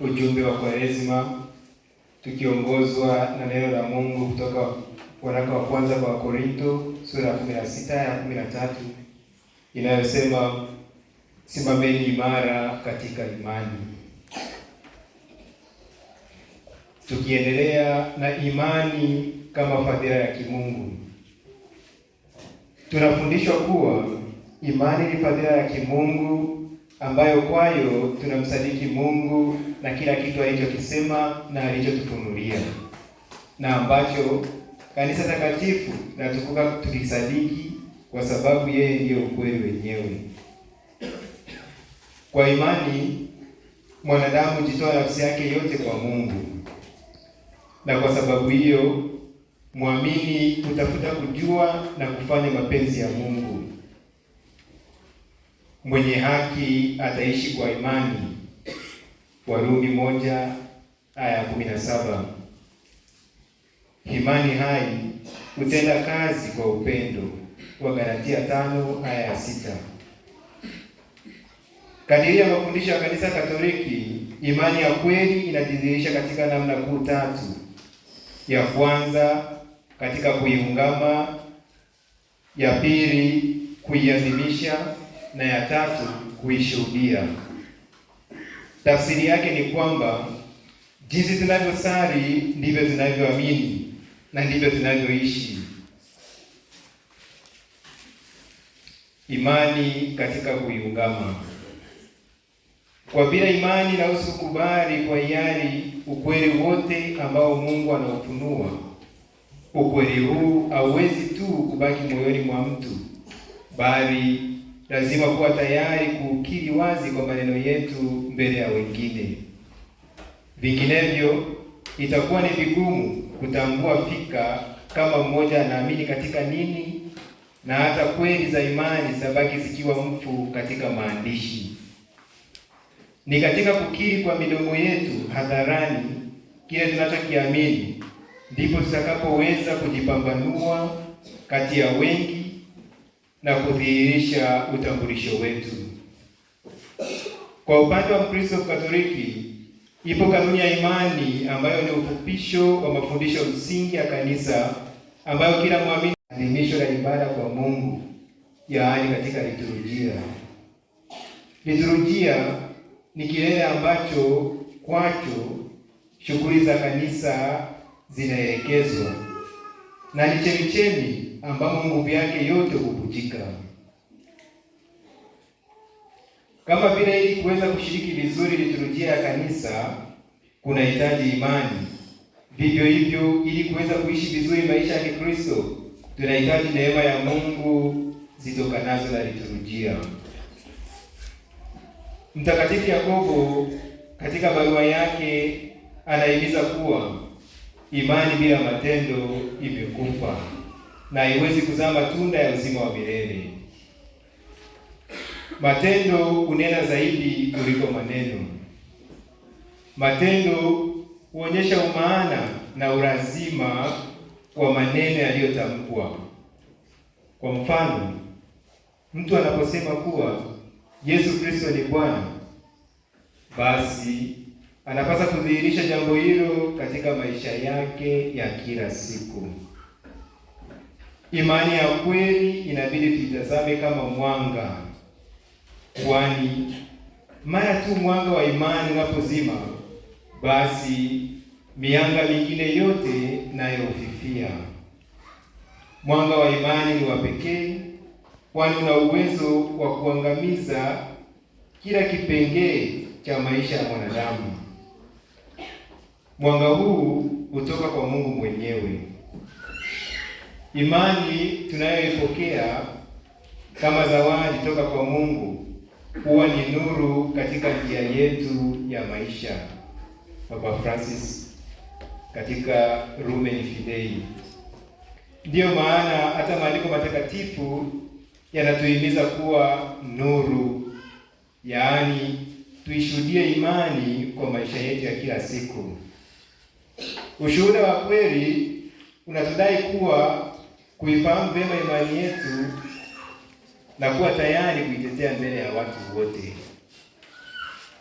ujumbe wa Kwaresima tukiongozwa na neno la Mungu kutoka waraka wa kwanza kwa Wakorinto sura ya 16 ya 13 inayosema simameni imara katika imani. Tukiendelea na imani kama fadhila ya kimungu, tunafundishwa kuwa imani ni fadhila ya kimungu ambayo kwayo tunamsadiki Mungu na kila kitu alichokisema na alichotufunulia na ambacho kanisa takatifu natukuka tukisadiki kwa sababu yeye ndiyo ukweli wenyewe. Kwa imani mwanadamu jitoa nafsi yake yote kwa Mungu, na kwa sababu hiyo mwamini hutafuta kujua na kufanya mapenzi ya Mungu mwenye haki ataishi kwa imani. Warumi moja aya kumi na saba. Imani hai hutenda kazi kwa upendo wa Galatia tano aya ya sita. Kadiri ya mafundisho ya kanisa Katoliki, imani ya kweli inajidhihirisha katika namna kuu tatu. Ya kwanza katika kuiungama, ya pili kuiadhimisha na ya tatu kuishuhudia. Tafsiri yake ni kwamba jinsi zinavyosali ndivyo zinavyoamini na ndivyo zinavyoishi. Imani katika kuiungama. Kwa bila imani lausu kubali kwa hiari ukweli wote ambao Mungu anaofunua. Ukweli huu hauwezi tu kubaki moyoni mwa mtu, bali lazima kuwa tayari kukiri wazi kwa maneno yetu mbele ya wengine, vinginevyo itakuwa ni vigumu kutambua fika kama mmoja anaamini katika nini na hata kweli za imani zabaki zikiwa mfu katika maandishi. Ni katika kukiri kwa midomo yetu hadharani kile tunachokiamini ndipo tutakapoweza kujipambanua kati ya wengi na kudhihirisha utambulisho wetu. Kwa upande wa Mkristo Katoliki, ipo kanuni ya imani ambayo ni ufupisho wa mafundisho msingi ya Kanisa, ambayo kila mwamini adhimisho la ibada kwa Mungu, yaani katika liturujia. Liturujia ni kilele ambacho kwacho shughuli za kanisa zinaelekezwa na ni chemichemi ambamo nguvu yake yote hupujika. Kama vile ili kuweza kushiriki vizuri liturujia ya kanisa kunahitaji imani, vivyo hivyo ili kuweza kuishi vizuri maisha ya Kikristo tunahitaji neema ya Mungu zitokanazo na liturujia. Mtakatifu Yakobo katika barua yake anahimiza kuwa imani bila matendo imekufa na haiwezi kuzaa matunda ya uzima wa milele. Matendo hunena zaidi kuliko maneno. Matendo huonyesha umaana na ulazima wa maneno yaliyotamkwa. Kwa mfano, mtu anaposema kuwa Yesu Kristo ni Bwana, basi anapaswa kudhihirisha jambo hilo katika maisha yake ya kila siku. Imani ya kweli inabidi tuitazame kama mwanga, kwani mara tu mwanga wa imani unapozima, basi mianga mingine yote nayo hufifia. Mwanga wa imani ni wa pekee, kwani una uwezo wa kuangamiza kila kipengee cha maisha ya mwanadamu. Mwanga huu hutoka kwa Mungu mwenyewe. Imani tunayoipokea kama zawadi toka kwa Mungu huwa ni nuru katika njia yetu ya maisha. Papa Francis katika Lumen Fidei. Ndiyo maana hata maandiko matakatifu yanatuhimiza kuwa nuru, yaani tuishuhudie imani kwa maisha yetu ya kila siku. Ushuhuda wa kweli unatudai kuwa kuifahamu vyema imani yetu na kuwa tayari kuitetea mbele ya watu wote.